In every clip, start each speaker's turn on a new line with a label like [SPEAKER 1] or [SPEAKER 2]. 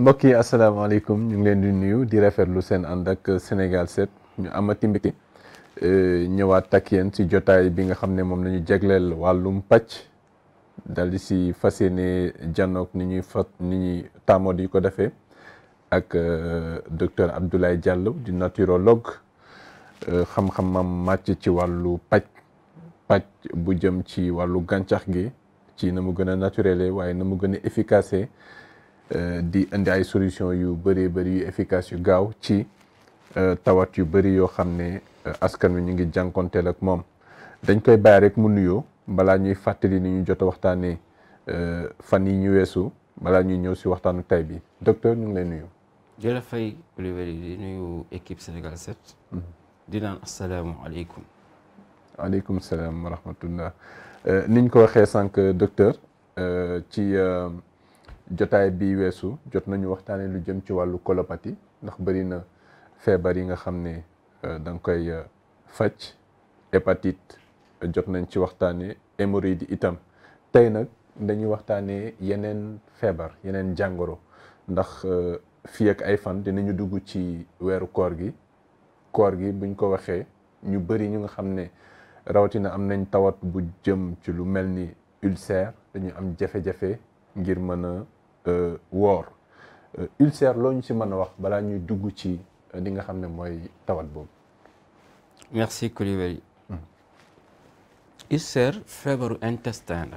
[SPEAKER 1] mbokk yi asalaamaaleykum ñu ngi leen di nuyu di rafetlu seen ànd ak Sénégal 7 ñu amati mbégte euh, ñëwaat ak yenn ci jotaay bi nga xam ne moom la ñu wàllum pàcc dal di si fas yéene janook ni ñuy fat ni ñuy taamoo di ko defee ak euh, docteur Abdoulaye jàll di naturologue euh, xam-xamam màcc ci wàllu pàcc pàcc bu jëm ci wàllu gàncax gi ci na mu gën a naturel waaye na mu gën a efficace Euh, di indi ay solution yu bëree bëri yu efficace yu gaaw ci euh, tawat yu bëri yoo xam ne euh, askan wi ñu ngi jànkonteel ak moom dañ koy bàyyi rek mu nuyoo balaa ñuy fàttali ni ñu jot a waxtaanee fan yi ñu weesu balaa ñuy ñëw si waxtaanu tay bi docteur ñu ngi lay nuyu.
[SPEAKER 2] jërëjëf Faye Olivier di nuyu équipe Sénégal 7. Mm-hmm. di naan asalaamualeykum.
[SPEAKER 1] waaleykum salaam wa rahmatullah niñ ko waxee sànq docteur ci. jotaay bii weesu jot nañu waxtaane lu jëm ci wàllu kolopati ndax bëri na feebar yi nga xam ne euh, da nga koy euh, faj hépatite euh, jot nañ ci waxtaanee hémorroïde itam tey nag dañuy waxtaanee yeneen feebar yeneen jàngoro ndax fii ak ay fan dinañu dugg ci weeru koor gi koor gi buñ ko waxee ñu bëri ñu nga xam ne rawatina am nañ tawat bu jëm ci lu mel ni ulcère dañu am jafe-jafe ngir mën a Euh, woor euh, ulcère loo ñu ci mën a wax balaa ñuy dugg ci euh, li nga xam ne mooy tawat boobu.
[SPEAKER 2] merci Coulibaly. feebaru intestin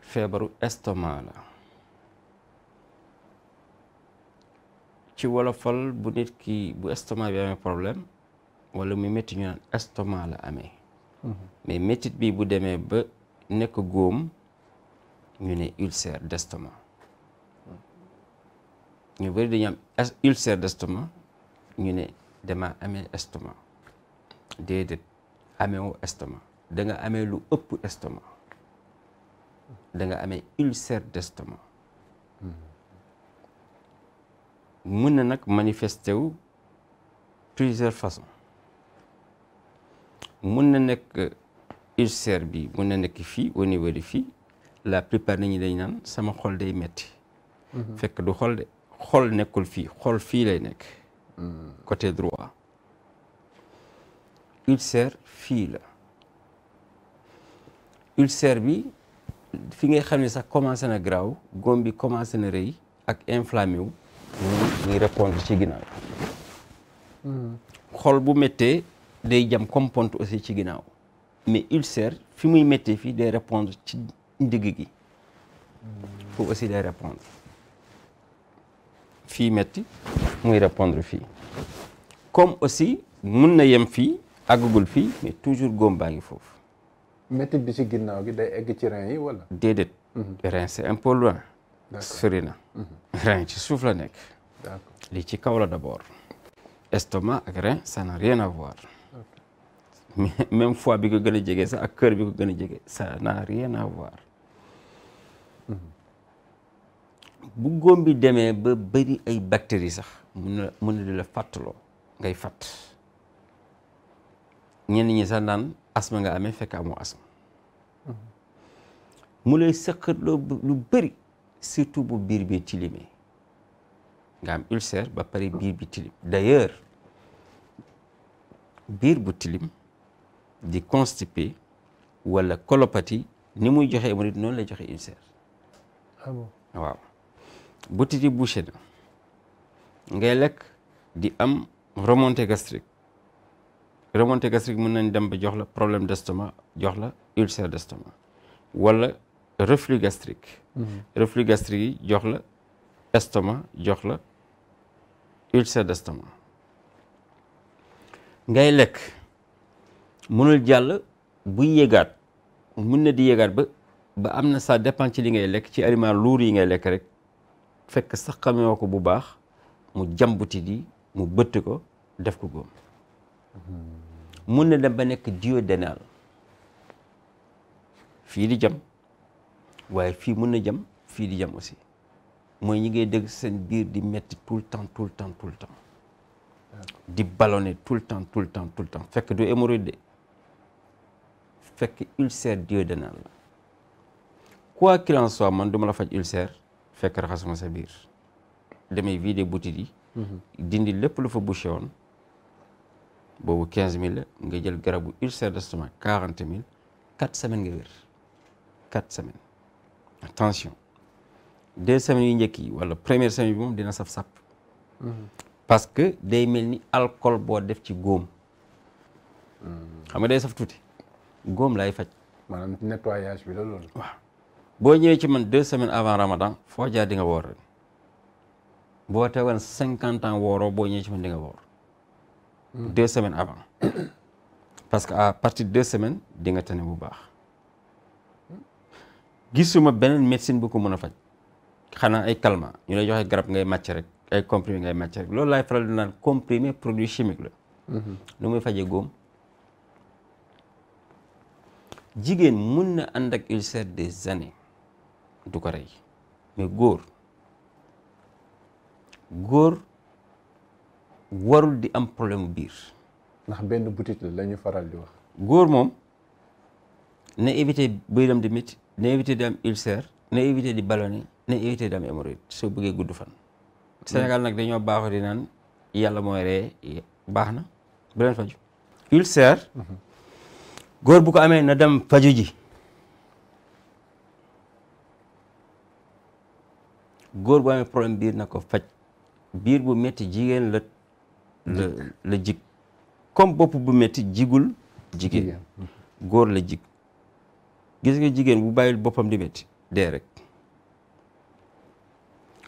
[SPEAKER 2] feebaru estomac la. ci wolofal bu nit ki bu estomac bi amee problème wala muy métti ñu naan estomac la amee. Mhm. mais métit bi bu demee ba nekk góom. ñu ne ulcère d'estomac ñu bëri dañu am ñu ne dama amee estomac déedéet ameewu estomac da nga amee lu ëpp estomac danga nga amee ulcère d'estomac mën na nag manifesté wu plusieurs façons mën na nekk ulcère bi mën na nekk fii au niveau de fii la plupart nit ñi dañ naan sama xol day metti mhm. fekk du xol de xol nekkul fii xol fii lay nekk mhm. côté droit ulcère fii la ulcère bi fi ngay xam ne sax commencé na graaw góom bi commencé na rëy ak inflammé muy répondre ci ginnaaw mhm. xol bu méttee day jam comme pont aussi ci ginnaaw mais ulcère fi muy méttee fii day répondre ci njëg gi aussi les répondre fii metti muy répondre fii comme aussi mun na yem fii àggagul fii mais toujours góom baa ngi foofu
[SPEAKER 1] métti bi ci ginnaaw gi day egg ci rein yi wala
[SPEAKER 2] déedéet mhm. rein c'est un peu sori na mhm. ci suuf la nekk lii ci kawla la d'abord estomac ak rein ça n'a rien à voir bi ko gën a jege sa ak kër bi ko gën a jege ça n'a rien bu góom bi demee ba bëri ay bactéries sax mun na mun na la fàttaloo ngay fàtt ñenn ñi sax naan asma nga amee fekk amoo asma mu lay sëqatloo lu bëri surtout bu biir bi tilimee nga am ulcère ba pare biir bi tilim d'ailleurs biir bu tilim di constipé wala colopathie ni muy joxe hémorroïde noonu lay joxe ulcère Ah waaw butit yi bouché na ngay lekk di am remontée gastrique remontée gastrique mën nañ dem ba jox la problème d'estomac jox la ulcère d'estomac wala reflux gastrique mhm. reflux gastrique yi jox la estomac jox la ulcère d'estomac ngay lekk mënul jàll bu yéegaat mun na di yéegaat ba ba am na ça dépend li ngay lekk ci aliment lourd yi ngay lekk rek fekk sax xameewoo ko bu baax mu jam jàmbuti di mu bëtt ko def ko góom mun na dem ba nekk duodénal fii di jam waaye fii mun na jam fii di jam aussi mooy ñi ngay dégg seen biir di metti tout le temps tout le temps tout le di ballonné tout le temps tout le temps tout le fekk du hémorroïde de fekk ulcère duodénal la quoi qu'il en soit man duma la faj ulcère fekk raxasuma sa biir damay vider boutique yi. Mhm. dindi lépp lu fa bouché woon boobu quinze mille nga jël garabu ulcère d'estomac quarante mille quatre semaines nga wér quatre semaines attention deux semaines yu njëkk yi wala première semaine bi moom dina saf sap mhm. parce que day mel ni alcool boo def ci góom mhm. xam nga day saf tuuti góom lay faj maanaam nettoyage bi la boo ñëwee ci man deux semaines avant Ramadan foo jaar di nga woor rek boo teewoon cinquante ans wooroo boo ñëwee ci man di nga woor. Hmm. deux semaines avant parce que à partir de deux semaines di nga tane bu baax. gisuma beneen médecine bu ko mën a faj xanaa ay calmant ñu lay joxe garab ngay màcc rek ay comprimé ngay màcc loolu laay faral di naan comprimé produit chimique la. Hmm. nu muy fajee góom. jigéen mun na ànd ak ulcère des années. du ko rey mais góor góor warul di am problème biir. ndax benn butit la ñu faral di wax. góor moom ne na buy bëyam di mitt na éviter di am ulcère na éviter di ballonné ne éviter di am hémorroïde soo bëggee gudd fan. Mm. Sénégal nag dañoo baaxoo di naan yàlla mooy ree baax na bu leen faju ulcère mm-hmm. góor bu ko amee na dem faju góor bu amee problème biir na ko faj biir bu metti jigéen la la la jig comme bopp bu metti jigul jigéen góor la jig gis nga jigéen bu bàyyil boppam di métti dee rek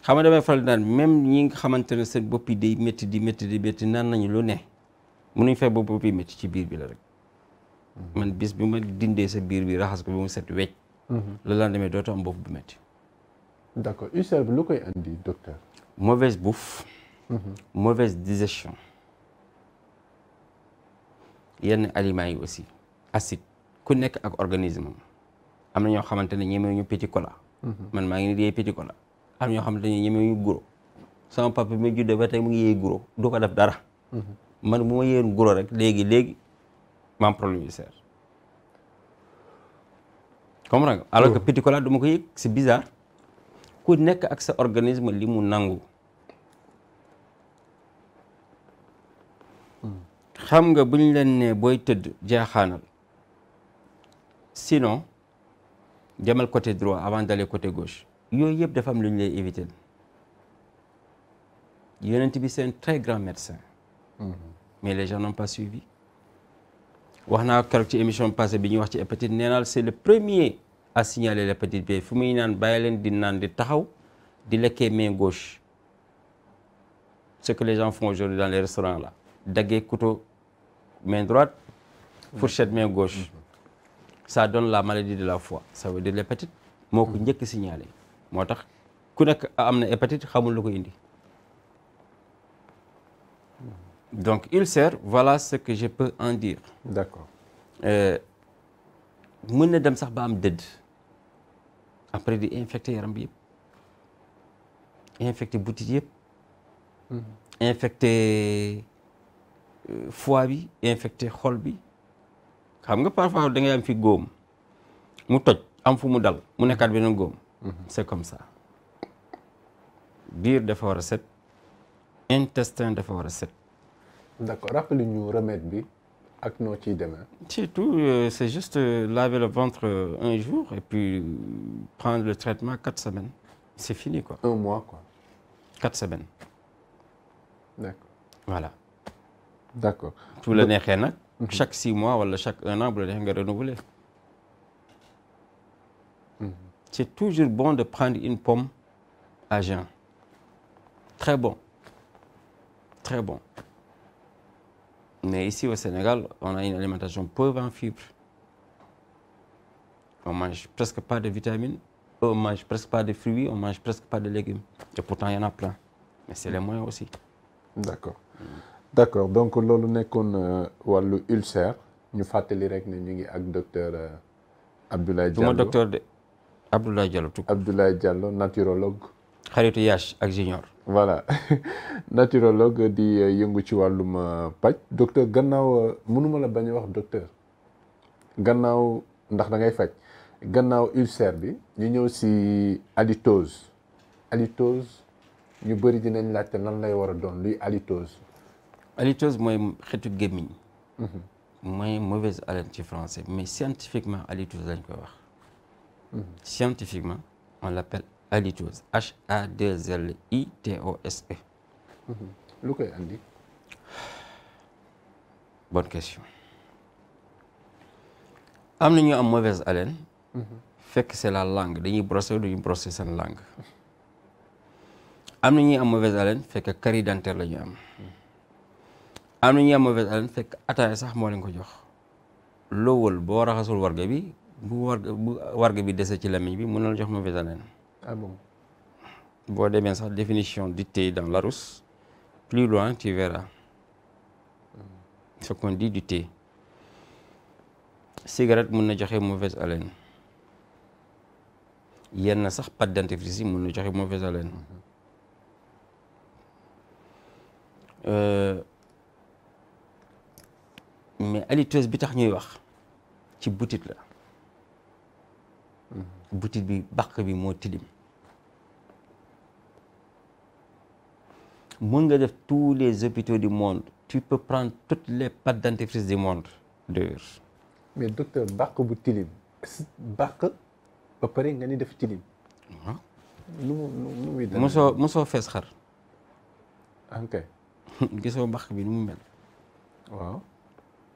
[SPEAKER 2] xam nga damay faral daan même ñi nga xamante ne seen bopp yi day métti di métti di métti naan nañu lu ne mënuñ fexe ba bopp yi métti ci biir bi la rek mm-hmm. man bis bi ma dindee sa biir bi raxas ko bi mu set wecc la mm-hmm. laan demee dootu am bopp bu metti
[SPEAKER 1] d' accord ulcère bi lu koy andi docteur.
[SPEAKER 2] mauvaise bouffe. Mhm. mauvaise digestion. yenn aliments yi aussi acide ku nekk ak organisme am na ñoo xamante ne ñemewuñu petit cola. Mhm. man maa ngi ni di yee petit cola am na ñoo xamante ne ñemewuñu guro sama papa bi ma juddoo ba tey mu ngi yee guro du ko def dara. Mhm. man bu ma yéen guro rek léegi léegi ma am problème ulcère. comprends nga alors que petit cola ko yëg c' est ku nekk ak sa organisme li mu nangu xam nga buñ leen ne booy tëdd jaaxaanal sinon jamal côté droit avant d'aller côté gauche yooyu yëpp dafa am lu ñu lay éviter yonent bi c'est un grand médecin mm-hmm. mais les gens n'ont pas suivi wax naa keroog ci émission passée bi ñuy wax ci hépatite nee naa c'est le premier à signaler l'hépatite bi fu muy naan bàyyi leen di naan di taxaw di lekkee main gauche ce que les gens font aujourd'hui dans les restaurants là daggee couteau main droite fourchette main gauche mm-hmm. ça donne la maladie de la fois ça veut dire l'hépatite moo ko njëkk signalé moo tax ku nekk am na hépatite xamul lu ko indi donc ulcère voilà ce que je peux en dire d'accord euh, mën na dem sax ba am dëdd après di infecte yaram bi yëpp infecté butit yëpp mm-hmm. infecté euh, foie bi infecté xol bi xam nga parfois da ngay am fi góom mu toj am fu mu dal mu nekkaat beneen góom mm-hmm. c'est comme ça biir dafa war a set intestin dafa war a set
[SPEAKER 1] d'accord rappelez ñu remède bi ak noo ciy demee.
[SPEAKER 2] surtout euh, c'est juste euh, laver le ventre euh, un jour et puis prendre le traitement quatre semaines c'est fini quoi. un mois quoi. quatre semaines. d'accord voilà. d'accord bu la neexee nag. chaque six mois wala chaque un an bu la neexee nga renouveler. Mhm. c'est toujours bon de prendre une pomme à jeun. très bon très bon. Mais ici au Sénégal, on a une alimentation pauvre en fibres. On mange presque pas de vitamines, on mange presque pas de fruits, on mange presque pas de légumes. Et pourtant, il y en a plein. Mais c'est les moyens aussi.
[SPEAKER 1] D'accord. Mm. D'accord. Donc, loolu nekkoon euh, wàllu ulcère ñu fàttali rek ne ñu ngi ak docteur euh, Abdoulaye Diallo. du ma docteur de Abdoulaye Diallo. Abdoulaye Diallo, naturologue.
[SPEAKER 2] xaritu Yache ak Junior. voilà
[SPEAKER 1] naturologue di euh, yëngu ci wàllum euh, paj docteur gannaaw euh, mënuma la bañ wax docteur gannaaw ndax da ngay faj gannaaw ulcère bi ñu ñëw si halitose halitose ñu bëri dinañ laajte lan lay war a doon luy halitose.
[SPEAKER 2] halitose mooy xeetu gémmiñ. Mhm. mooy mauvaise haleine ci français mais scientifiquement halitose lañ koy wax. Mhm. scientifiquement on l'appelle halitose H T O e.
[SPEAKER 1] mm-hmm.
[SPEAKER 2] koy andi. question am na ñu am mauvaise haleine. Mm-hmm. fekk c'est la langue dañuy brosser duñu brosser seen langue. am na ñuy am mauvaise haleine fekk carie dentaire la ñu am. Mm-hmm. am na ñuy am mauvaise haleine fekk ataaya sax moo leen ko jox. lowal boo raxasul warga bi bu warga bu warga bi dese ci lamiñ bi mën na la jox mauvaise haleine. album ah boo demee sax définition dictée dans Larousse plus loin tu verras ce qu'on dit dictée cigarette mun na joxe mauvaise haleine yenn sax pâte dentifrice yi mun na joxe mauvaise haleine euh, mais haliteuse bi tax ñuy wax ci butit la butit bi bàq bi moo tilim mën nga def tous les hôpitaux du monde tu peux prendre toutes les pâtes dentifrice du monde d'ailleurs
[SPEAKER 1] mais docteur bàq bu tilim ba pare nga ni def tilim
[SPEAKER 2] waaw ah. nu mu nu muy mosoo mosoo fees xar ah, ok gisoo bàq bi nu mu mel waaw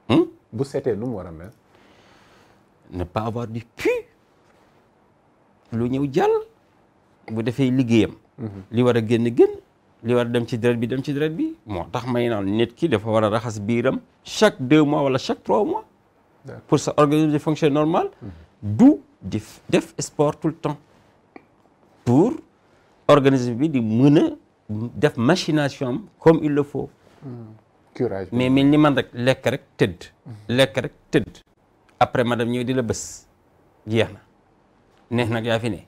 [SPEAKER 2] hmm?
[SPEAKER 1] bu setee nu mu war a mel
[SPEAKER 2] ne pas avoir du pu lu ñëw jàll bu defee liggéeyam mhm. li war a génn génn li war a dem ci deret bi dem ci deret bi moo tax may naan nit ki dafa war a raxas biiram chaque deux mois wala chaque trois mois pour sa organisme de normal mhm. du di def sport tout le pour organisme bi di mën a def machination am comme il le faut mhm. curage mais mel ni man rek lekk rek tëdd rek tëdd après madame ñëw di la bés jeex na neex nag yaa fi ne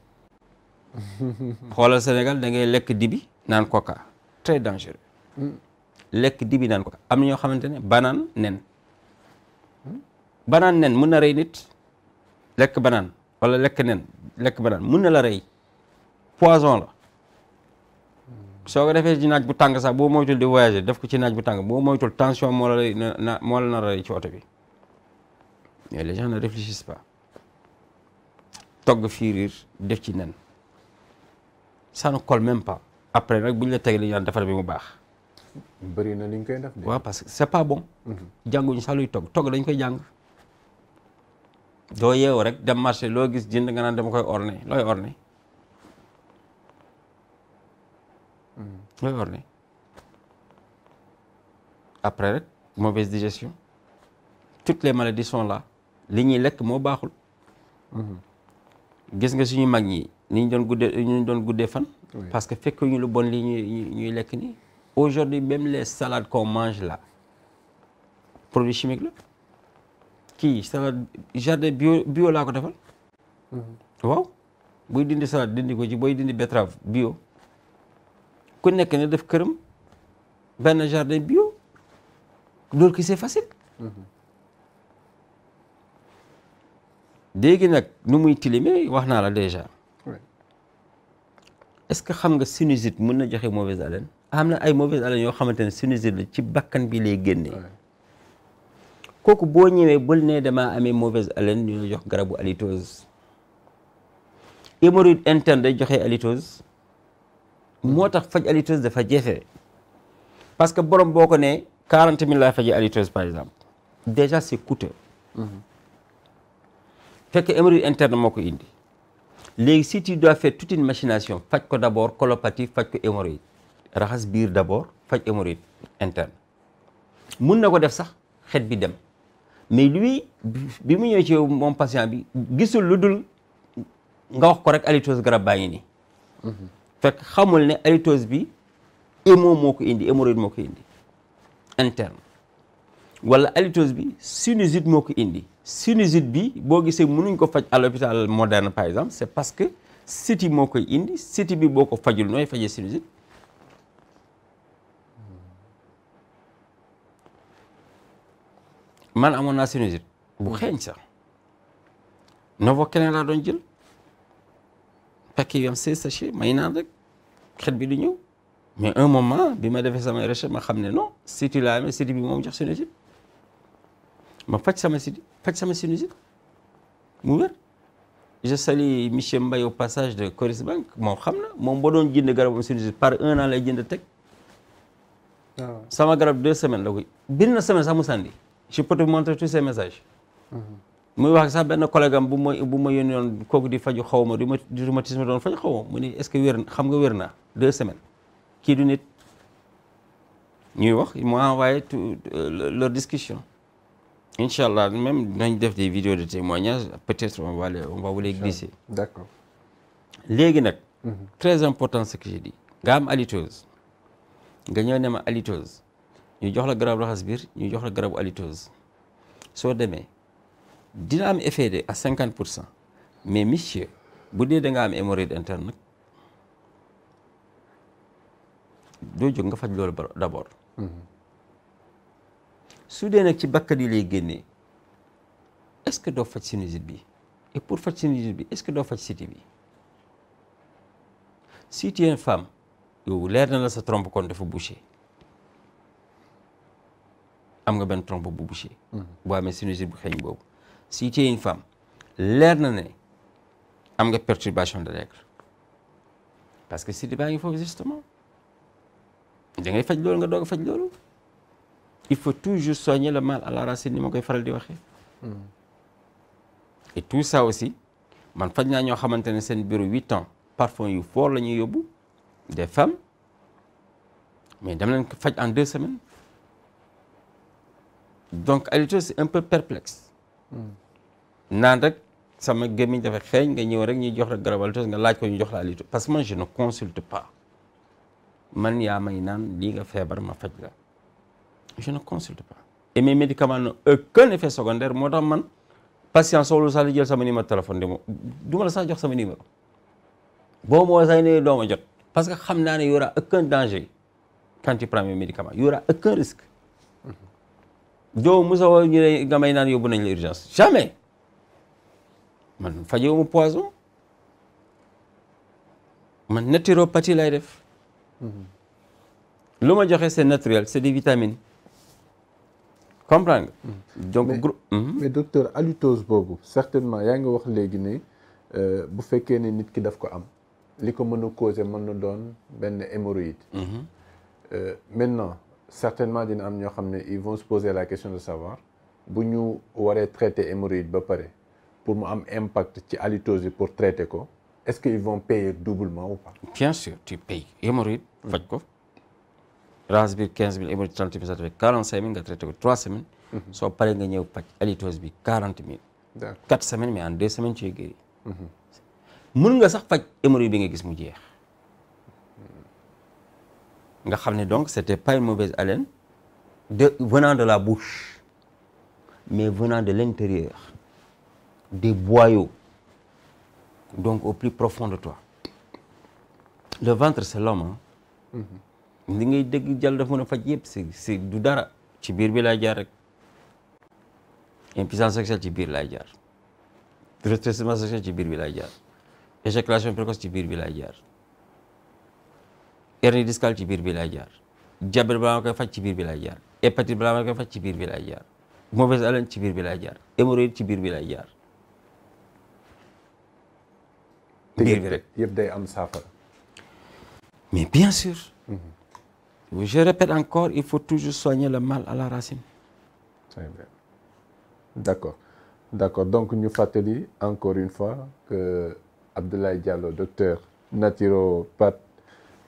[SPEAKER 2] xoolal Sénégal da ngay lekk dibi naan coca très dangereux lekk dibi naan coca am na ñoo xamante ne banaan nen banaan nen mun na rey nit lekk banaan wala lekk nen lekk banaan mun na la rey poison la soo ko defee ci naaj bu tàng sax boo moytul di voyager def ko ci naaj bu tàng boo moytul tension moo na a rey ci oto bi mais les gens ne réfléchissent pas togg fiiriir def ci nen ça ne colle même pas après nag bu la tegee li ñu naan defar bi mu baax. bëri na li koy def de. parce que c'est pas mhm. jànguñu sax luy togg togg dañ koy jàng. doo yeewoo rek dem marché loo gis jënd nga naan dama koy orné looy orné. Mhm. looy après rek mauvaise digestion toutes les maladies sont là li ñuy lekk moo baaxul. Mhm. gis nga suñu mag ñi ni ñu doon guddee doon guddee fan. parce que fekk ñu lu bon li ñuy ñuy lekk nii. aujourd'hui même les salades qu'on mange là produit chimique la kii salade jardin bio laa ko defal. Mm-hmm. waaw buy dindi salade dindi ko ci booy dindi betterave bio ku nekk ne def këram benn jardin bio loolu ki c'est facile. Mm-hmm. léegi nag nu muy tilimee wax naa la déjà est-ce que xam nga sinusite mën na joxe mauvaise haleine am na ay mauvaise haleine yoo xamante ne sinusite la ci bakkan bi lay génnee kooku boo ñëwee bël ne damaa amee mauvaise haleine ñu la jox garabu halitose hémorroïde interne day joxe halitose moo tax faj halitose dafa jafe parce que borom boo ko ne quarante mille laa faje halitose par exemple déjà c'est coûteux mm-hmm. fekk hémorroïde interne moo ko indi léegi siti tu dois faire machination faj ko d' abord colopathie faj ko raxas biir d' abord faj hémorroïde interne mun na ko def sax xet bi dem mais wi bi mu ñëwee ci moom patient bi gisul lu dul nga wax ko rek halitose garab baa ngi nii fekk xamul ne halitose bi hémo moo ko indi hémorroïde moo ko indi interne wala halitose bi sinusite moo ko indi sinusite bi boo gisee mënuñ ko faj à l'hôpital moderne par exemple c'est parce que siti moo koy indi siti bi boo ko fajul nooy fajee sinusite man amoon naa sinusite bu xeeñ sax novo keneen laa doon jël paquet yu am seize sachet may naan rek xet bi di ñëw mais un moment bi ma defee samay recherche ma xam ne non siti laa amee siti bi moom jox sinusite ma faj sama si faj sama sinusite mu wér je salue monsieur Mbaye au passage de Coris Bank moom xam na moom ba doon jënd garabam sinusite par un an lay jënd teg ah. sama garab deux semaines la koy biir na semaine sax mu sànni je peux te montrer tous ces messages mhm. muy wax sax benn collègue bu ma bu ma yónni kooku di faju xaw ma du ma du rhumatisme doon faj xaw ma mu ni est-ce que wér xam nga wér na deux semaines kii du nit ñuy wax mu envoyé tout euh, leur discussion incha allah même dinañ def des vidéos de témoignage peut-être on les on va léegi nag. Mhm. très important ce nga am halitose nga ñëw ne ma halitose ñu jox la garab raxas biir ñu jox la garabu halitose soo demee dina am effet de à cinquante pour cent mais monsieur bu dee da nga am hémorroïde interne nag doo jóg nga faj loolu d'abord. Mhm. su dee nag ci bakkan yi lay génnee est-ce que doo faj sinusite bi et pour faj sinusite bi est-ce que doo faj cité bi si tu es leer na la sa trompe kon dafa am nga benn trompe bu bouché. Hmm. boo amee sinusite bu xeeñ boobu si tu es leer na ne am nga perturbation de règle parce que cité baa ngi foofu justement da ngay faj loolu nga doog a faj loolu. il faut toujours soigner ñi la à la racine ni ma koy faral di waxee. et tout ça aussi man faj naa ñoo xamante ne seen biru huit ans parfum yu fort la ñuy yóbbu des femmes mais dama leen ko faj en deux semaines donc Alito c'est un peu perplexe. naan rek sama gémmiñ dafa xeeñ nga ñëw rek ñuy jox rek garab Alito nga laaj ko ñu jox la Alito parce que man je ne consulte pas man yaa may naan lii nga feebar ma faj la. je ne consulte pas et mes médicaments n'ont aucun euh, effet moo tax man patient soxlu sax di jël sama numéro téléphone di ma du la sax jox sama numéro boo moo say ne doo jot parce que xam naa ne y aura aucun danger quand tu prends mes médicaments y aura aucun doo musa woo ñu nga may naan yóbbu na la urgence jamais man fajewuma poison man naturopathie lay def
[SPEAKER 3] mm-hmm.
[SPEAKER 2] lu ma joxe c'est naturel c'est des vitamines comprendre nga. Mm. donc
[SPEAKER 1] groupe. Mm-hmm. mais boobu certainement yaa ngi wax léegi ne euh, bu fekkee ne nit ki daf ko am li ko mën a causer mën na doon benn hémorroïde. Mm-hmm. Euh, maintenant certainement dina am ñoo xam ne ils vont se la question de savoir bu ñu waree traiter hémorroïde ba pare pour mu am impact ci halitose bi pour traiter ko est-ce que ils vont payer doublement ou
[SPEAKER 2] pas. bien sûr tu payes hémorroïde mm. faj ko. raxas biir 15 000 hémorroïdes 30 000 ça te fait 45 000 nga traité ko 3 semaines. Mhm. soo paree nga ñëw pàcc halitose bi 40 000. d' semaine 4 semaines mais en 2 semaines tu es guéri. Mhm. nga sax faj hémorroïde bi nga gis mu jeex. nga xam ne donc c' était pas une mauvaise haleine de venant de la bouche mais venant de l' intérieur des boyaux donc au plus profond de toi le ventre c' est li ngay dégg jàll dafa mën a faj yëpp si du dara ci biir bi laay jaar rek impuissance sexuelle ci biir laay jaar rétrécissement sexuel ci biir bi laay jaar éjaculation précoce ci biir bi laay jaar hernie discale ci biir bi lay jaar diabète balaa ci biir bi laay jaar hépatite faj ci biir bi lay jaar mauvaise haleine ci biir bi laay jaar hémorroïde ci biir bi lay jaar biir bi day am saafara Je répète encore, il faut toujours soigner le mal à la racine.
[SPEAKER 1] D'accord. D'accord. Donc, ñu fàttali encore une fois que Abdoulaye Diallo, docteur naturopathe,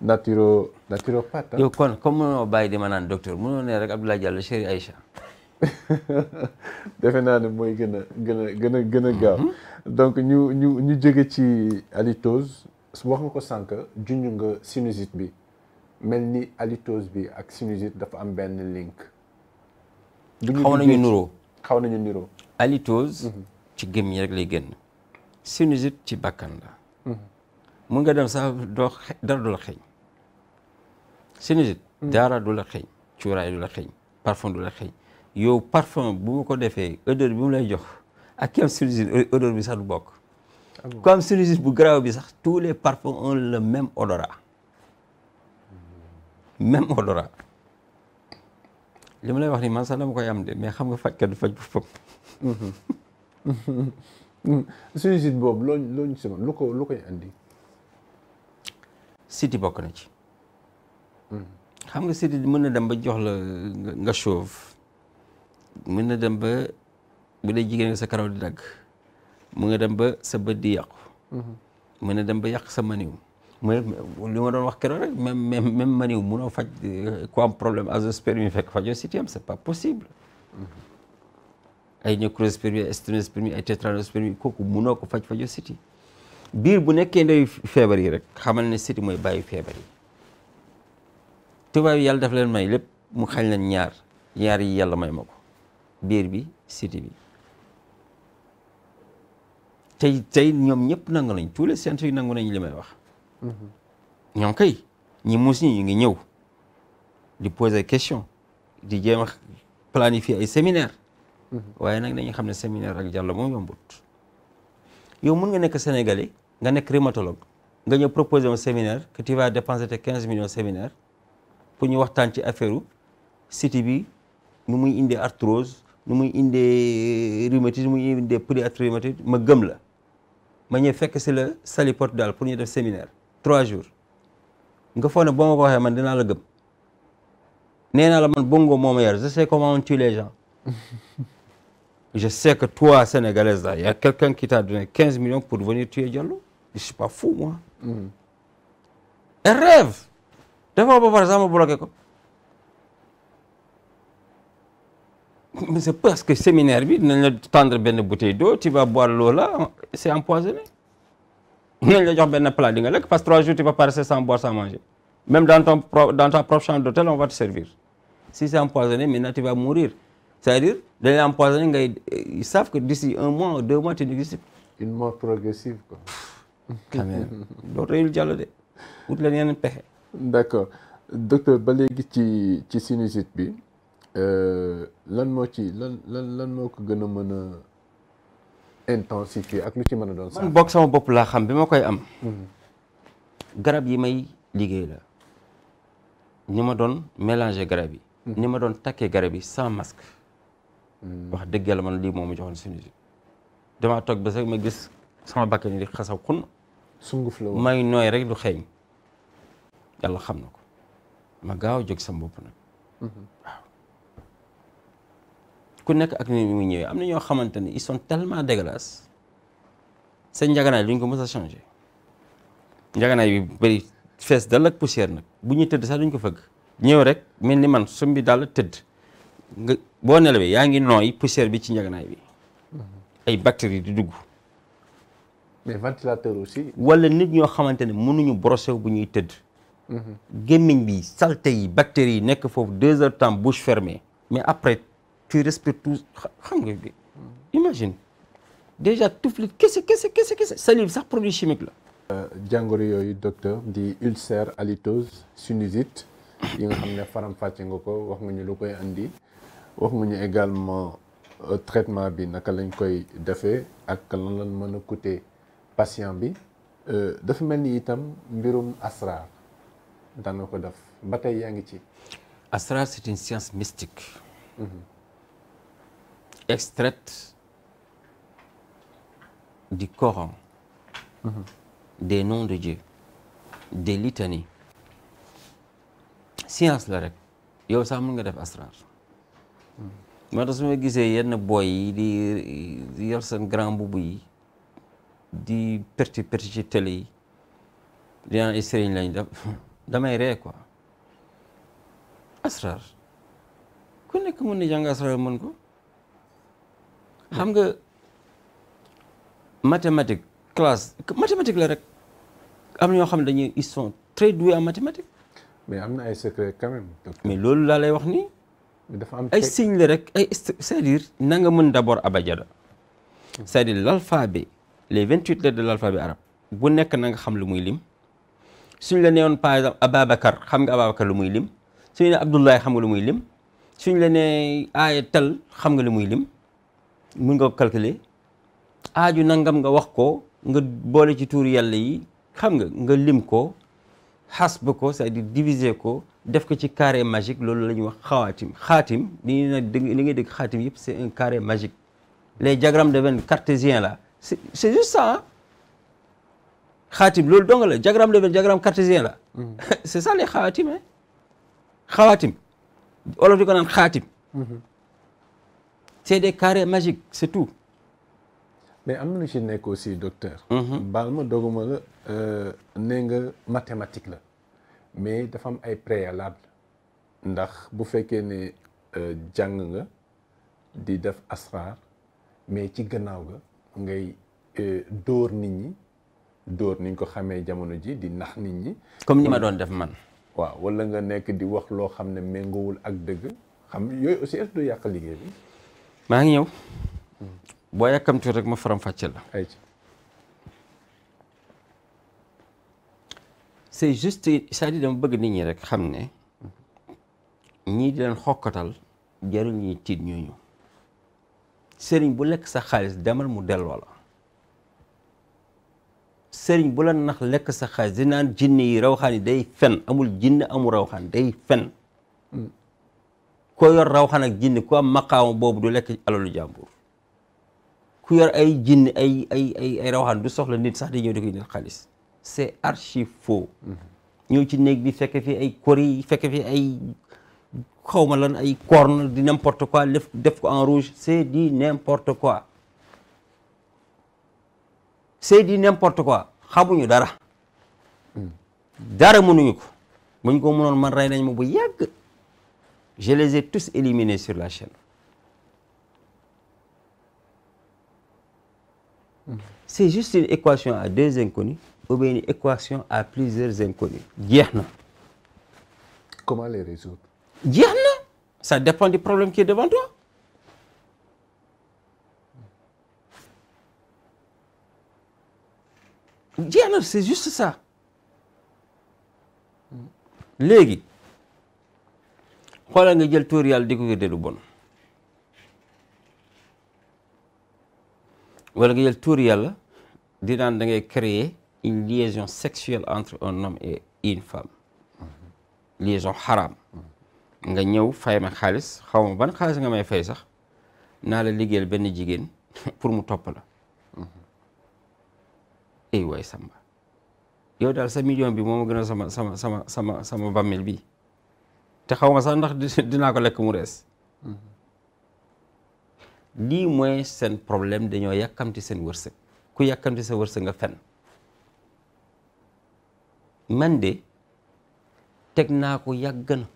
[SPEAKER 1] naturo, naturopathe. Hein? Kon,
[SPEAKER 2] comme on va dire maintenant docteur, nous on est avec Abdoulaye Diallo, chérie Aïcha.
[SPEAKER 1] defe naa ne mooy gën a gën a gën a gën a gaaw. Mm-hmm. donc ñu ñu ñu jóge ci alitos wax nga ko sànq junj nga sinusite bi. mel ni halitose bi ak sinusite dafa am benn link. bu ñu nañu niroo xaw nañu
[SPEAKER 2] niroo. halitose. Mhm. ci gémmiñ rek lay génn. sinusite ci bakkan la. Mhm. mun nga dem sax doo dara du la xeeñ. sinusite. Mhm. dara du la xeeñ. cuuraay du la xeeñ. parfum yow parfum bu ma ko defee odeur bi mu lay jox ak ki am sinusite bi sax du bokk. Ah ku am bu garaaw bi sax tous les parfums on le même odorat. même odorat li ma lay wax ni man sax koy am de mais xam nga fajkat du faj boppam.
[SPEAKER 1] suicide boobu loo loo si mën lu ko lu koy
[SPEAKER 2] andi. siti bokk na ci. Hmm. xam nga siti mën na dem ba jox la nga chauve mën na dem ba bu dee jigéen sa karaw di dagg. mu nga dem ba sa bët di yàqu. Hmm. mën na dem ba yàq sa maniw. mais li ma doon wax keroog rek même même même maniw munoo faj ko am problème azoospermie fekk fajoo citiam am est pas possible ay nécrospermie ay sténospermie ay tétranospermie kooku munoo ko faj fajoo siti biir bu nekkee ndeyu feebar yi rek xamal ne siti mooy bàyyi feebar yi tubaab yàlla daf leen may lépp mu xañ leen ñaar ñaar yi yàlla may ma ko biir bi siti bi tey tey ñoom ñëpp nangu nañ tous les centres yi nangu nañ li may wax ñoom kay ñi muus ñi ñu ngi ñëw di poser question di jéem a planifier ay séminaire waaye nag dañu xam ne séminaire ak jàll moom yombut yow mun nga nekk sénégalais nga nekk rhumatologue nga ñëw proposer un séminaire que tu vas te quinze millions séminaire pour ñu waxtaan ci affaire u bi nu muy indee arthrose nu muy indee rhumatisme nu muy indee polyarthrite rhumatique ma gëm la ma ñëw fekk si la sali daal pour ñu def séminaire trois jours nga foog ne boo ma ko waxee man dinaa la gëm nee naa la man bongo moo ma yar je comment on les gens je sais que toi sénégalaise là y a quelqu'un qui t'a quinze millions pour venir tuer Diallo je suis pas fou moi mm. et rêve ba pare sax ma bloqué ko mais c'est que séminaire bi dinañ la tendre benn bouteille d'eau tu vas boire l'eau là c'est empoisonné nañ la jox benn plat di nga lekk parce que trois jours tu vas passer sans boire sans manger même dans ton dans ta propre chambre d'hôtel on va te servir si c'est empoisonné maintenant tu vas mourir c'est-à-dire dañ la ngay ils savent que d'ici un mois ou deux mois tu n'existes plus une mort progressive ko quand même dootu jàll de wut leen yeneen pexe d'accord docteur ba léegi
[SPEAKER 1] ci ci sinusite bi euh, lan moo ci lan lan lan moo ko gën a mën a intensifié ak lu ci mën a doon. man
[SPEAKER 2] boog sama bopp laa xam bi ma koy am. Mhm. garab yi may liggéey la ni ma doon mélanger garab yi. Mhm. ni ma doon takkee garab yi sans masque. Mhm. wax dëgg yàlla ma man lii moo ma joxoon sinusite. damaa toog ba sax ma gis sama bakkan di xasaw xun.
[SPEAKER 1] sunguf may
[SPEAKER 2] nooy rek du xeeñ. yàlla xam na ko ma gaaw a jóg sama bopp nag. ku nekk ak ni mu ñëwee am na ñoo xamante ne ils sont tellement dégueulasses seen njaganaay duñ ko mës a changer njaganaay bi bëri fees dal ak poussière nag bu ñuy tëdd sax duñ ko fëgg ñëw rek mel ni man sum bi daal tëdd nga boo nelawee yaa ngi nooy poussière bi ci njaganaay bi ay bactéries di dugg.
[SPEAKER 1] mais ventilateur aussi. wala
[SPEAKER 2] nit ñoo xamante ne mënuñu brosser bu ñuy tëdd. Mhm. gémmiñ bi saleté yi bactéries yi nekk foofu des heures temps bouche fermée mais après. tu respires tout xam nga bi imagine déjà tuflit kese kese kese kese salive sax produit chimique la
[SPEAKER 1] euh, jàngoro yooyu docteur di ulcère halitose sinusite yi nga xam ne faram-fàcce nga ko wax nga ñu lu koy andi wax nga ñu également euh, traitement bi naka lañ koy defee ak lan lañ mën a coûter patient bi euh, dafa mel ni itam mbirum asrar daan nga ko def ba tey yaa ngi ci
[SPEAKER 2] asrar c'est une science mystique mhm. extraite du Coran, mmh. des noms de Dieu, des litanies. science la rek yow sax mën nga def asrar moo tax su ma gisee yenn boy yi di yor seen grand mbubb yi di perti perti ci télé yi di naan ay lañ def damay ree quoi asrar ku nekk mën na jàng asrar mën ko xam nga mathématique classe mathématique la rek am ñoo xam ne dañuy ils sont très
[SPEAKER 1] mais am na ay secret quand
[SPEAKER 2] mais loolu laa lay wax ni dafa am ay signe la rek ay c'est-à-dire na nga mën d'abord abajada c'est-à-dire l'alphabet les vingt huit lettres de l'alphabet arabe bu nekk nanga xam lu muy lim suñ la neewoon par exemple Ababacar xam nga Ababacar lu muy lim suñ la ne Abdoulaye xam nga lu muy lim suñ la ne Ayetal xam nga lu muy lim. mun nga ko calculer aaju nangam nga wax ko nga boole ci tuur yàlla yi xam nga nga lim ko xasb ko c'est-à-dire ko def ko ci carré magique loolu la ñuy wax xawaatim xaatim li ngay dégg li ngay dégg xaatim yëpp c'est un carré magique les diagrammes deviennent cartésiens là c'est c'est juste ça ah loolu dong la diagramme devient diagramme cartésien mm-hmm. la c'est ça les xawaatim hein olof di ko naan xaatim mm-hmm. c'est des carrés magiques c'est tout.
[SPEAKER 1] mais am na lu ci nekk aussi docteur. Mhm. baal ma doguma la euh, nee nga mathématique la mais dafa am ay préalable ndax bu fekkee ne euh, jàng nga di def asraar mais ci gannaaw ga ngay euh, dóor nit ñi dóor niñ ko xamee jamono ji di nax nit ñi. comme ni ma doon def man. waaw wala nga nekk di wax loo xam ne méngoowul ak dëgg xam yooyu aussi est-ce que du yàq liggéey bi.
[SPEAKER 2] maa ngi ñëw boo yàkkamtu rek ma faram fàcce la c'est juste cest à dama bëgg nit ñi rek xam ne ñii di leen xokkatal jarul ñi tiit ñooñu sëriñ bu lekk sa xaalis demal mu delloo la sëriñ bu la nax lekk sa xaalis di naan jinne yi day fen amul jinne amul rawxaan day fen hmm. ko yor raw xan ak jinni ku am maqaama boobu du lekk alalu jàmbur ku yor ay jinni ay ay ay ay du soxla nit sax di ñëw di ko indil xaalis c'est archi faux mm-hmm. ñëw ci néeg bi fekk fi ay kori fekk fi ay xawma lan ay corne di n'importe quoi def def ko en rouge c'est di n'importe quoi c'est di n'importe quoi xamuñu dara mm. dara mënuñu ko buñ ko mënoon man ray nañ ma bu yàgg Je les ai tous éliminés sur la chaîne. C'est juste une équation à deux inconnus ou bien une équation à plusieurs inconnus. jeex na. Comment les résoudre? jeex na ça dépend du problème qui est devant toi. jeex c'est juste ça. léegi. xoolal nga jël tuur di ko wirde bon wala nga jël tuur yàlla di naan dangay ngay créer une liaison sexuelle entre un homme et une liaison xaraam nga ñëw fay ma xaalis xaw ma ban xaalis nga may fay sax naa la liggéey benn jigéen pour mu topp la ay waay samba yow daal sa million bi moom a gën a sama sama sama sama sama bàmmeel bi te xaw ma sax ndax dinaa ko lekk mu rees lii mooy seen problème dañoo yàkkamti seen wërsëg ku yàkkamti sa wërsëg nga fen man de teg naa ko yàgg na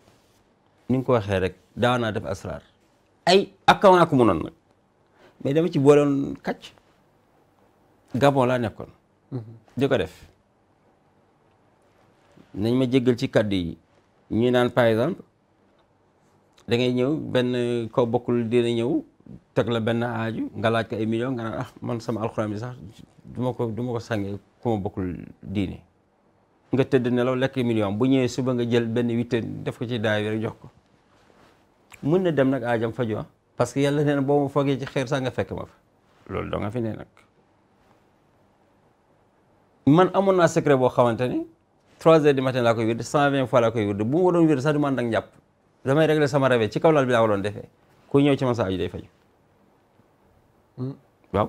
[SPEAKER 2] ni ko waxee rek daaw naa def asraar ay akkaw naa ko mënoon nag mais dama ci boolewoon kàcc gabon laa nekkoon mhm. di ko def nañ ma jéggal ci kàddu yi ñuy naan par exemple da ngay ñëw benn koo bokkul dina ñëw teg la benn aaju nga laaj ko ay million nga naan ah man sama alxuraan bi sax du ma ko du ma ko sàngee ku bokkul diine nga tëdd nelaw lekk million bu ñëwee suba nga jël benn huit def ko ci daay bi rek jox ko mun na dem nag aajam fajoo ah, parce que yàlla nee boo ma foogee ci xeer sax nga fekk ma fa loolu doo nga fi ne nag man amoon naa secret boo xamante ni 3 heures du matin laa koy wird 120 fois laa koy wird bu ma doon wird sax du ma ànd ak njàpp damay régler sama réveil ci kaw laal bi laa ko doon defee ku ñëw ci man sa aju day faju hmm. waaw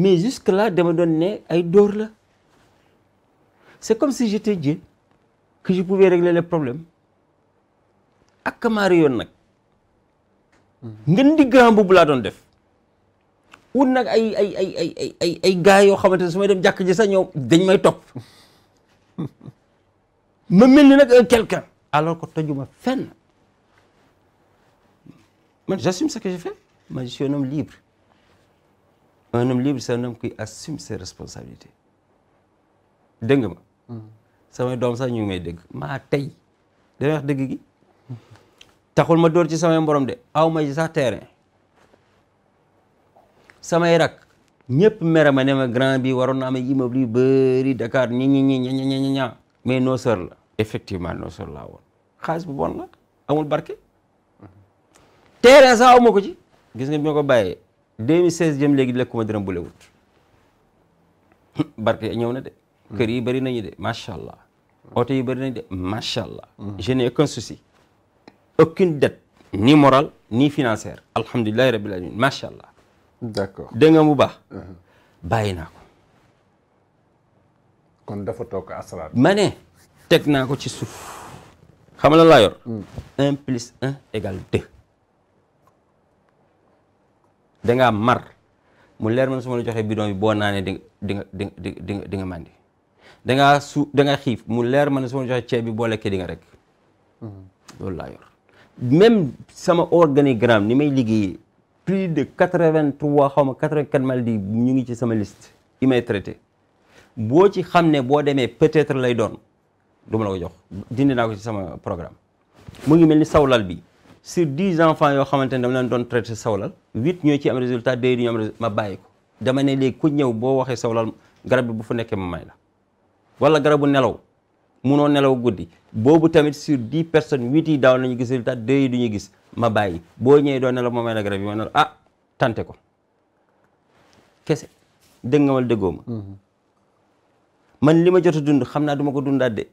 [SPEAKER 2] mais jusque là dama doon ne ay dóor la c'est comme si j'étais Dieu que je pouvais régler les problèmes ak kamaari yoon nag hmm. ngeen di grand boobu laa doon def wut nag ay ay ay ay ay ay ay gars yoo xamante ne su may dem jàkk ji sax ñoom dañ may topp ma mel ni nag quelqu'un alors que tojuma fenn man j'assume ce que j'ai fait man je suis un homme libre un libre c'est un homme assume ses responsabilités dégg nga ma mm. samay doom sax ñu ngi may dégg ma tey damay wax dëgg gi taxul ma dóor ci samay mborom de aw ma ci sax terrain samay rak ñëpp mer ma ne ma grand bi waroon na am immeuble yu bëri Dakar ñi ñi ñi ña ñi ña ña mais nooseur la effectivement nooseur laa woon xaalis bu bon la amul barke. terrain sax aw ma ko ci gis nga bi ma ko bàyyee 2016 jëm léegi lekkuma dërëm bu lewut barke ñëw na de. kër yi bëri nañu de macha allah. oto yi bëri nañu de macha allah. je n'ai aucun souci. aucune dette. ni morale ni financière. alhamdulilah rabbil alamin macha allah. d'accord dégg nga mu baax. Uh-huh. bàyyi
[SPEAKER 1] kon dafa toog asalaat. ma
[SPEAKER 2] teg naa ko ci suuf. xam la laa yor. Mm. un plus un égale mar mu leer man suma ma la joxee bidon bi boo naanee di nga di nga di nga nga màndi da ngaa su da nga xiif mu leer man su ma la joxee ceeb bi boo lekkee di nga rek. Mm-hmm. loolu laa yor même sama organigramme ni may liggéeyee. plus de quatre-vingt-trois xaw ma quatre-vingt-quatre ñu ngi ci sama liste yi traité boo ci xam ne boo demee peut-être lay doon duma la ko jox dindi naa ko ci sama programme mu ngi mel ni sawlal bi sur dix enfants yoo xamante ne dama leen doon traité sawlal huit ñoo ci am résultat deux ñu am ma bàyyi ko dama ne léegi ku ñëw boo waxee sawlal garab bi bu fa nekkee ma may la wala garabu nelaw munoo nelaw guddi boobu tamit sur dix personnes huit yi daaw nañu gis résultat deux yi du ñu gis ma bàyyi boo ñëwee doo nelaw ma may la garab ma ne a ah, tante ko kese dégg nga wala déggoo ma mhm. man li ma jot a dund xam naa duma ko dundaat de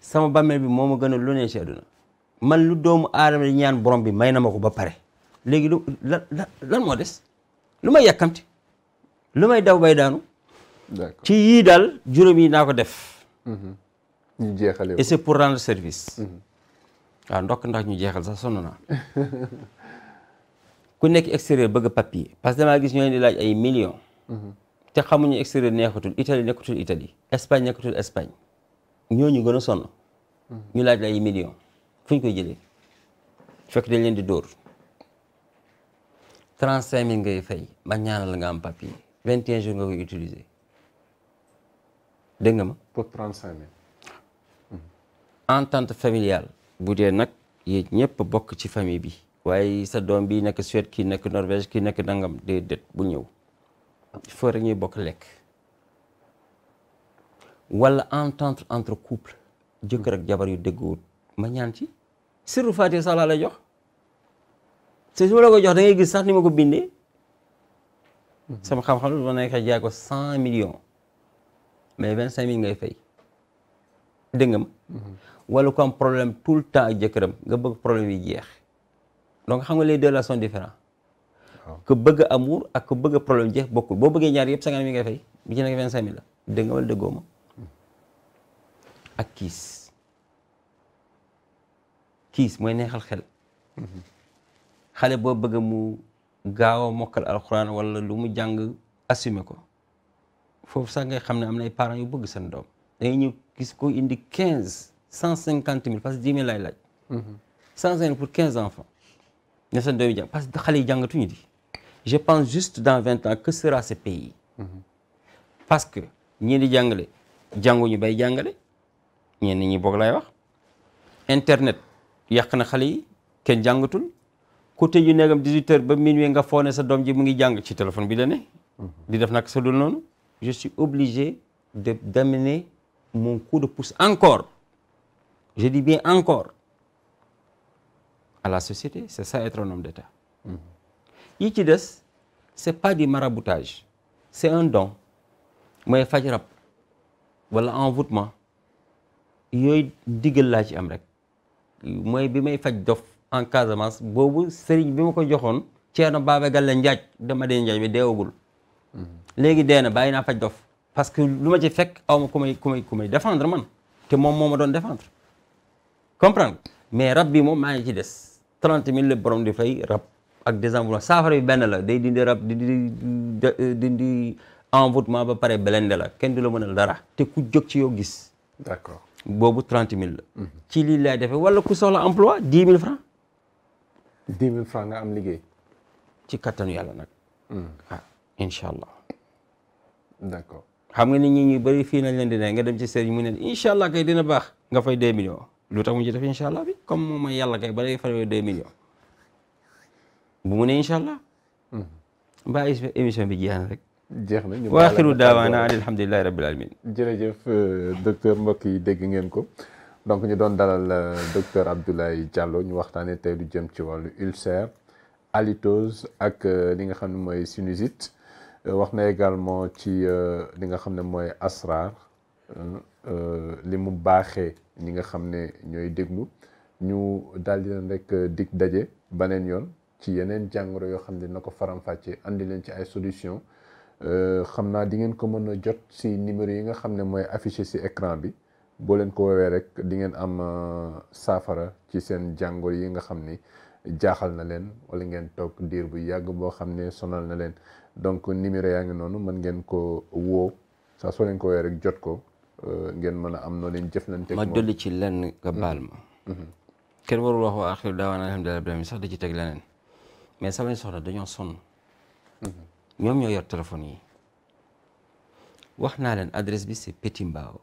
[SPEAKER 2] sama bàmmeel bi moo ma gën a lu ne ci man lu doomu aadama di ñaan borom bi may na ma ko ba pare léegi lu lan lan moo des lu may yàkkamti lu may daw bay daanu ci yii daal juróom yi naa ko def.
[SPEAKER 1] Mhm. ñu jeexale et c'est
[SPEAKER 2] pour rendre service. Mhm. waaw ndokk ndax ñu jeexal sax sonn naa. ku nekk ba bëgg papier parce que damaa gis ñoo leen di laaj ay millions. Mhm. te xamuñu extérieur neexatul Italie nekkatul Italie. Espagne nekkatul Espagne. ñooñu gën a sonn. ñu laaj la ay millions fu ñu koy jëlee. fekk dañ leen di dóor. trente cinq mille ngay fay ma ñaanal nga am papier. vingt en un jours nga koy utiliser. dégg nga ma. pour trente cinq hmm. bu dee nag yéen ñëpp bokk ci famille bi. waaye sa doom bi nekk Suède kii nekk Norvège ki nekk Nangam déedéet bu ñëw. il faut rek bokk lekk. wala entente entre couple. jëkkër ak jabar yu déggoowut ma ñaan ci. sirru Faatiha sax laa lay jox. te su ma la jox da gis sax ni ma ko bindee. Hmm. sama xam-xam lu ma nekk jaay ko cent millions. mais vingt cinq mille ngay fay dégg nga ma wala ku am problème tout le temps ak jëkkëram nga bëgg problème yi jeex donc xam nga les deux là sont différents ku bëgg amour ak ku bëgg problème jeex bokkul boo bëggee ñaar yëpp cinquante mille ngay fay bi ci nekk vingt cinq mille la dégg nga wala ak kiis kiis mooy neexal xel xale boo bëgg mu gaaw a mokkal alxuraan wala lu mu jàng assume ko foofu sax ngay xam ne am na ay parents yu bëgg seen doom dañuy ñëw gis ko indi quinze cent cinquante mille parce que dix mille lay laaj mhm. cent cinquante pour quinze enfants ne seen doom yi jàng parce que xale yi jàngatuñu di je pense juste dans vingt ans que sera ce pays mhm. parce que ñii di jàngale jànguñu bay jàngale ñenn ñi boog lay wax internet yàq na xale yi kenn jàngatul ku tëju néegam 18 heures ba minuit nga foone sa doom ji mu ngi jàng ci téléphone bi la ne mhm. di def nag sa dul noonu je suis obligé de d'amener mon coup de pouce encore je dis bien encore à la société c'est ça être un homme yi ci des c'est pas du maraboutage c'est un don mooy faj rab wala envoûtement yooyu diggal laa ci am rek mooy bi may faj dof en Casamance boobu sëriñ bi ma ko joxoon Ceerno Baaba Galle Njaaj dama dee Njaaj mi deewagul léegi dee na bàyyi naa faj dof parce que lu ma ci fekk aw ma ku may ku may ku may man te moom moo ma doon défendre comprendre mais rab bi moom maa ngi ci des trente mille la borom di fay rab ak désenvoûtement saafara bi benn la day dindi rab di dindi envoûtement ba pare belende la kenn du la mënal dara te ku jóg ci yow gis d'accord boobu trente mille la ci li laay defee wala ku soxla emploi dix mille francs dix francs nga am liggéey ci kattanu yàlla nag hmm. incha allah. d'accord xam nga ni ñi ñu bëri fii nañ leen di ne nga dem ci sëriñ mu ne incha allah kay dina baax nga fay 2 millions lu tax mu ci def incha allah bi comme moom mooy yàlla kay ba day fay 2 millions bu mu ne incha allah. Hmm. mbaa émission bi jeex na rek. jeex na ñu waa aaxiru daawaana alhamdulillahi rabbil alamin
[SPEAKER 1] jërëjëf euh, docteur mbokk yi dégg ngeen ko donc ñu doon dalal euh, docteur Abdoulaye Diallo ñu waxtaanee tey lu jëm ci wàllu ulcère halitose ak euh, li nga xam ne mooy sinusite. wax na également ci euh, li nga xam ne mooy asraar euh, euh, li mu baaxee ñi nga xam ne ñooy déglu ñu daal di leen rek dig daje baneen yoon ci yeneen jàngoro yoo xam ne na ko faram-fàccee leen ci ay solution xam naa di ko mën a jot si numéro yi nga xam ne mooy affiché si écran bi boo leen ko woowee rek di ngeen am saafara ci seen jàngoor yi nga xam ni jaaxal na leen walla ngeen toog diir bu yàgg boo xam ne sonal na leen donc numéro yaa ngi noonu mën ngeen ko woo saa soo leen ko woowee rek jot ko euh, ngeen mën a am noo leen jëflante. ma dolli ci
[SPEAKER 2] lenn nga mhm. baal ma. Mhm. kenn warul wax waa axiru daawaana alhamdulilah ibrahima sax da ci teg leneen mais samay soxna dañoo sonn. Mhm. ñoom ñoo yor téléphone yi. wax naa leen adresse bi c'est Petit Mbao.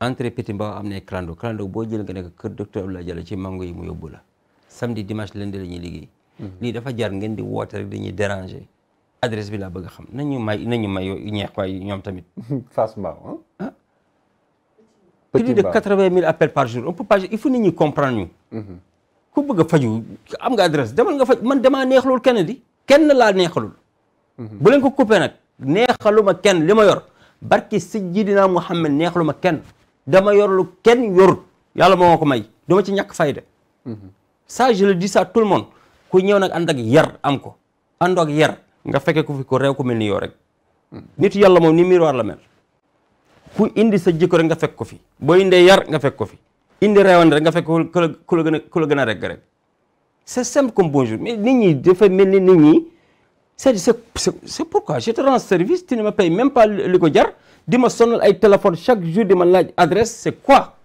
[SPEAKER 2] entrée Petit Mbao am ne clando clando boo jël nga nekk kër docteur Abdoulaye Diallo ci mango yi mu yóbbu la. samedi leen lundi la ñuy liggéey. lii dafa jar ngeen di woote di dañuy déranger. adresse bi laa bëgg a xam nañu may nañu may ñeex waay ñoom tamit. Fass Mbao ah. de quatre-vingt mille appels par jour on peut pas il faut ñi mm-hmm. ku bëgg a faju am nga adresse demal nga faj man damaa neexalul kenn di kenn laa neexalul. Mm-hmm. bu leen ko coupé nag ma kenn li ma yor barki neex Muhammad ma kenn dama yor lu kenn yorut yàlla moo ko may dama ci ñàkk fayda. Mm-hmm. ça je le dis ça tout le monde ku ñëw nag ànd ak yar am ko àndoo ak yar. nga fekke ko fi ko réew ku mel ni yow rek nit yàlla moom ni miroir la mel ku indi sa jikko rek nga fekk ko fi boo indee yar nga fekk ko fi indi réewande rek nga fekk ku la gën a ku la gën rek rek c'est simple comme bonjour mais nit ñi dafa mel ni nit ñi se c'est pourquoi je te rends service tu ne me payes même pas li ko jar di ma sonal ay téléphone chaque jour di ma laaj adresse c'est quoi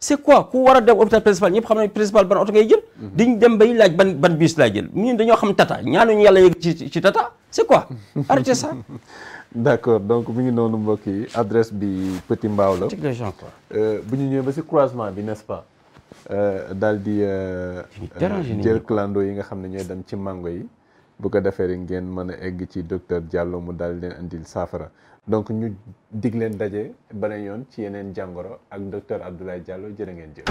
[SPEAKER 2] c' est quoi ku war a dem hôpital principal ñëpp xam ne principal ban oto ngay jël. Mhm. diñ dem bay laaj ban ban bus laay jël ñun dañoo xam tata ñaanuñu yàlla yëg ci tata c' est quoi arrêtez ça. d'
[SPEAKER 1] accord donc mi ngi noonu mbokk yi adresse bi Petit mbaaw la.
[SPEAKER 2] Euh, bu ñu ñëwee ba si
[SPEAKER 1] croisement bi n' est pas. Euh, daal di. Euh, jël clando yi nga xam ne ñooy dem ci mango yi. bu ko defee rek ngeen mën a egg ci docteur Diallo mu daal leen indi saafara. donc ñu dig leen daje beneen yoon ci yeneen jàngoro ak docteur Abdoulaye Diallo jërë ngeen jëf.